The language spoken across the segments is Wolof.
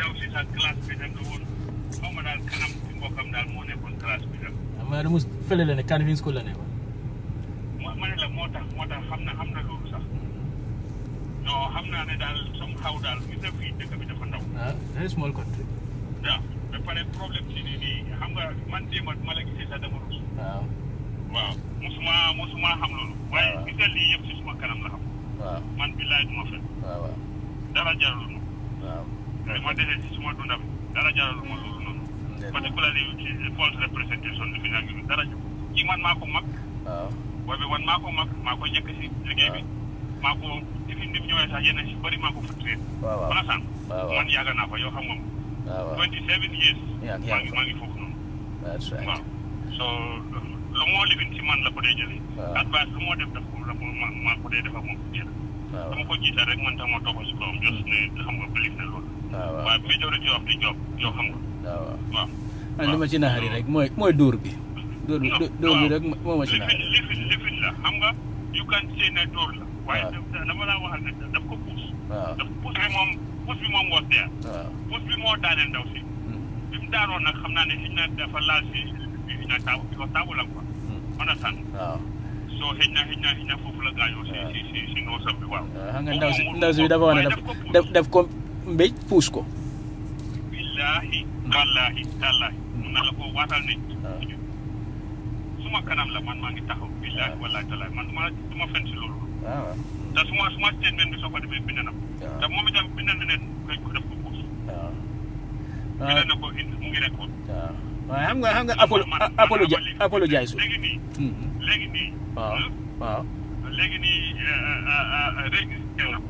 ndaw si sax classe bi dem woon xaw ma daal kanam ci mbokkam daal moo nekkoon classe bi dem. ma ne la mos fële la ne Kanifing la ne ko. ma ne la moo tax moo tax xam na xam na loolu sax non xam naa ne daal som xaw daal gis na fii dëkk bi dafa ndaw. ah very small country. waaw ba pare problème si nii nii xam nga man démb ma la gisee sax dama rus. waaw waaw mosuma mosuma loolu. waaye gis nga lii yëpp si suma kanam la xam. waaw man billaay duma fen. waaw waaw ma. man de si suma dundam dara jaralul ma a noonu. particularly ci false representation bi naa ngi dara ci man maa ko mag. waaw booy bi man maa mag maa ko si liggéey bi. maa ko ci fi si bëri maa ko frustré. waaw waaw fan man yàgg yoo xam moom. waaw waaw 27 years. maa ngi so lu moo livin si man la ko dee jëlee. waaw advice lu moo def daf ko maa ko dee def ak moom dama ko jiital rek man tam ma si kawam hmm. jos ne xam nga bëri na loolu. waaw waaw waaye bu ñu doon joob di joob joob xam nga. waaw waaw man li ma ci naxari rek mooy mooy dóor bi. dóor bi dóor bi rek moo ma ci naxari. lifin lifin la xam nga yu kan seen ne dóor la. waaye dama laa waxal ne daf ko puus. waaw daf puus bi moom puus bi moom moo teer. waaw puus bi moo daaneel ndaw si. bi mu daanoon nag xam naa ne xëy na dafa laal si xëy na taabu bi ko taabu la quoi. mën a sànn. waaw soo xëy na xëy na xëy na foofu la gaañoo si si si si noosam bi waaw. xam nga ndaw si ndaw si dafa wax ne daf daf mbéj puus ko billaahi wallaahi tallaahi hmm. mun na la koo waatal ne ah. suma kanam la man maa ngi taxaw billaahi ah. wallaahi tallaahi man duma duma fen si loolu ah, hmm. te suma suma statement bi soo ko demee bind na te moom itam bind na ne dañ ko def ko puus bind na ko indi mu ngi rekoon waaw xam nga xam nga Apollo Apollo Apollo jaay su léegi nii hmm, léegi nii waaw waaw léegi nii euh, euh, euh, réew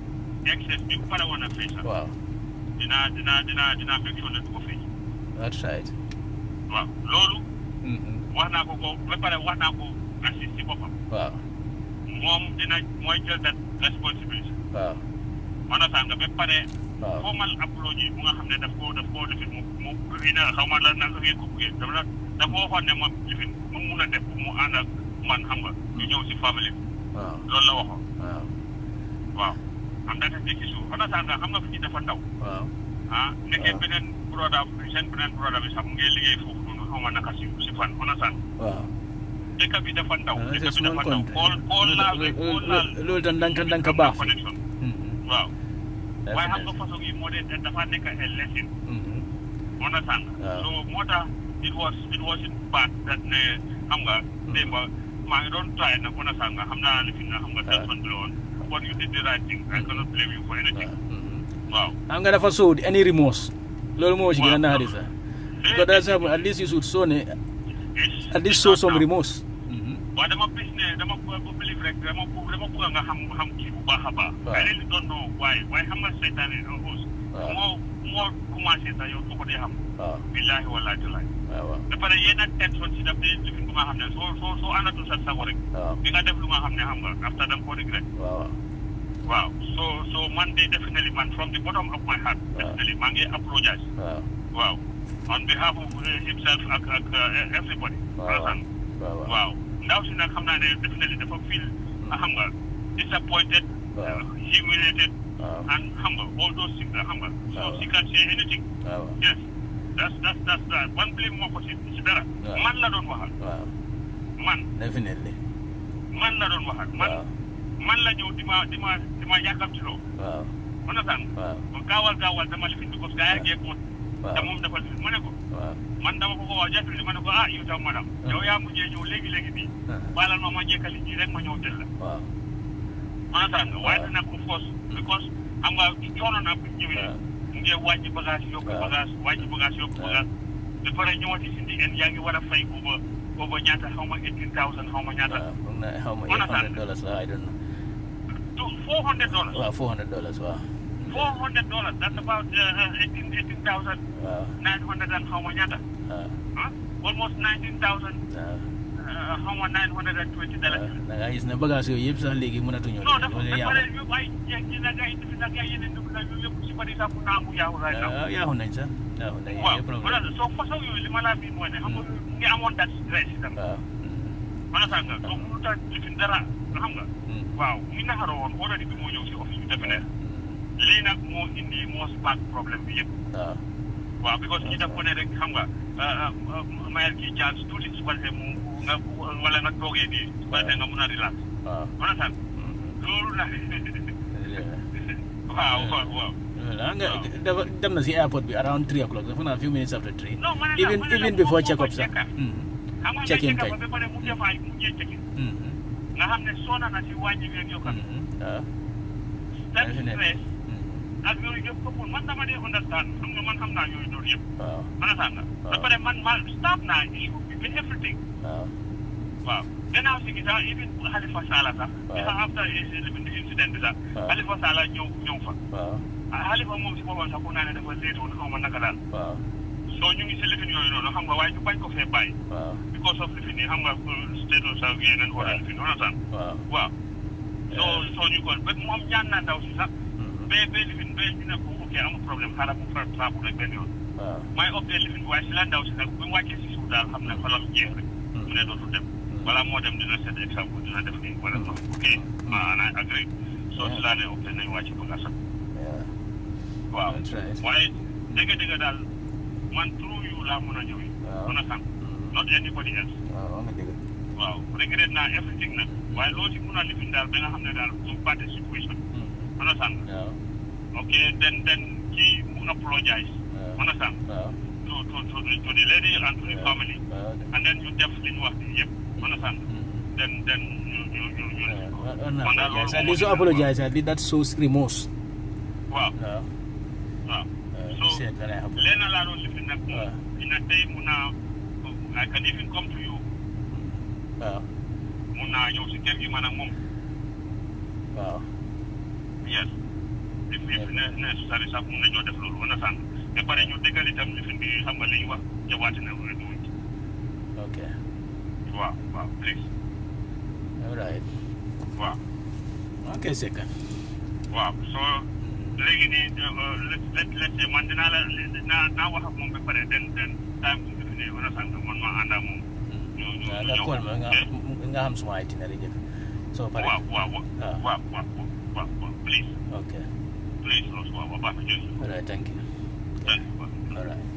excess bi mu pare woon a fees waaw dinaa dinaa dinaa dinaa fekk soo ne du ko fees that's right waaw loolu wax naa ko ko ba pare wax naa ko assist ci boppam waaw moom dina mooy jël that responsibility waaw man a saa nga ba pare formal approach yi bu nga xam ne daf koo daf koo lifin mu mu ina xaw ma la naka ngeen ko buggee dama la dafa waxoon ne moom lifin mu mun a def mu ànd ak man xam nga ñu ñëw si famille bi loolu la waxoon waaw am na tamit ci suuf xanaa sànq xam nga fi ñu dafa ndaw. waaw ah nekkee beneen broda seen beneen broda bi sax mu ngi liggéey foofu noonu xaw ma naka si si fan xanaa sànq. waaw dëkk bi dafa ndaw. dëkk bi dafa ndaw kool kool laal rek kool laal. loolu da ndank ndank baax. connexion waaw. waaye xam nga façon yi moo dee dafa nekk a lesson. xanaa sànq. waaw so moo tax it was it was in bad that ne xam nga. démb maa ngi doon try na xanaa sànq xam naa li fi na xam nga téléphone bi la woon. what you did mm-hmm. so any remorse. Lolo mo chigi na hadi sa. Eh, Because eh, at least you should show at least show some remorse. Mm-hmm. Wa dama business, dama ko believe dama ko nga ham ham ki bu moo commencé sax yow soo ko dee xam. waaw billaahi wallaahi tallaahi. waaw waaw ba pare yéen a teg son si daf dee lifin bu nga xam ne soo soo soo àndatul sa sago rek. waaw di nga def lu nga xam ne xam nga after da nga koo regret. waaw waaw so so man de definitely man from the bottom of my heart. waaw definitely maa ngi apologize. waaw waaw on behalf of uh, himself ak ak uh, everybody. waaw waaw waaw ndaw si nag xam naa ne definitely dafa feel. Hmm. xam nga disappointed. waaw uh, humiliated. waaw and xam nga all those things xam nga. so she can say anything. waaw yes that's that's that's that one blame moo ko si si dara. man la doon waxal. waaw man. definitely. man la doon waxal. man man la ñëw di ma di ma di ma yàkkamtiloo. waaw mën na sànq. waaw gaawal gaawal dama lifin bi parce que gars yi ngeen ko. waaw te moom dafa lifin mu ne ko. waaw man dama ko ko waaw jafe li ma ne ko ah yow tam madame. yow yaa mujjee ñëw léegi léegi bii. baalal ma ma jekkali ji rek ma ñëw jël la. waaw. maanaam waaye da nekk force because xam nga coono na bu ñëwee mu ngi wàññi bagage yokku bagage wàññi bagage yokku bagage ba pare ñëwaat si indi en yaa ngi war a fay booba booba ñaata xaw eighteen thousand xaw ma dollars I don't know four hundred dollars waaw four hundred dollars waaw four hundred dollars that's about uh, eighteen eighteen thousand nine hundred and xaw ma ñaata almost nineteen thousand xaw ma nine hundred and twenty dollars. Ah, da ngaa gis ne bagages yooyu yëpp sax léegi mënatuñoo. non dafa dafa leen yóbbu ay jeeg ñi nag ay nit nag ay yeneen dugub nag yooyu yëpp si bëri sax mun naa am yaaxu laay sax. waaw yaaxu nañ sax. yaaxu nañ yooyu problème waaw voilà soo façon yooyu li ma laa miin mooy ne xam nga mu ngi amoon date stress itam. waaw. Ah. man sax nga donc mënut a lifin dara xam nga. Hmm. waaw ñu naxaroo woon already bi moo ñëw si office bi defe ne hmm. lii nag moo indi moo spark problème bi yëpp. waaw ah. waaw because ñu def ko ne rek xam nga Ah, ah, ah, mayal ci caas tuuti su ko defee mu nga wala nga toogee nii su ko defee nga mun a relax. waaw mën na loolu la. Eh. waaw waaw eh, waaw. nga dafa dem na si airport bi around three o'clock dafa naa few minutes after three. non man even even before check up sax. check in kay. nga xam ne soo na na si wàññi weer yokkal. waaw. ak yooyu yëpp ëppul man dama dee understand xam nga man xam naa yooyu loolu yëpp. waaw understand na. waaw ba pare man ma stop naa issue bi ba everything. waaw waaw. danaa si gis ah even Halifa Sallah sax. waaw gis nga after incident bi sax. waaw Halifa Sallah ñëw ñëw fa. waaw ah Halifa moom si boppam sax ku naa ne dafa léegi woon xaw ma naka daal. waaw soo ñu ngi si lifin yooyu noonu xam nga waaye ñu bañ ko fee bàyyi. waaw because of lifin yi xam nga uh, state of sax yeneen. waaw order lifin understand. waaw waaw. soo eh. soo ñu ko ba moom ñaan naa ndaw si sax. ba ba lifin ba ñu ne ko ok amul problème xaaral mu faral saabu rek benn may opté lifin bi si la ndaw si nag bu mu wàccee si suuf daal xam na xolam jeex rek. ne dootul dem. balaa moo dem dina seet exemple dina def nii wala non ok maa naa a soo si laa ne opté nañu wàcce ba nga sax. waaw waaye dëgg-dëgg daal man trou yu laa mën a ñëwee. mën a xam not anybody else. waaw regret naa everything nag waaye lool ci mën a lifin daal ba nga ne daal mu bàtte situation understand yeah. okay then then he apologized yeah. understand yeah. To, to, to, to the lady and to the yeah. family yeah. and then you definitely work yep understand mm. Mm-hmm. then then you you you, you yeah. uh, no, apologize. at least you apologize at least that shows remorse waaw waaw so lenn laa doon lifin nag moom dina tey mun naa I can even come to you waaw mun naa ñëw si kër gi man ak moom waaw yes ne necessary sax mun nañoo def loolu mën a sànq te pare ñu déggal itam li fi ñu xam nga li ñu wax jawaati na wala duwuñ ok waaw waaw please all right waaw ok let euh, euh, let man dinaa la naa den den time bu ñu ne mën a sànq man ma ànd ak moom ah, nga xam suma itinéraire jëkk soo pare waaw waaw ah. waaw waaw Please. Okay. Please, Roswell. i Bye. All right, thank you. Thank you. All right.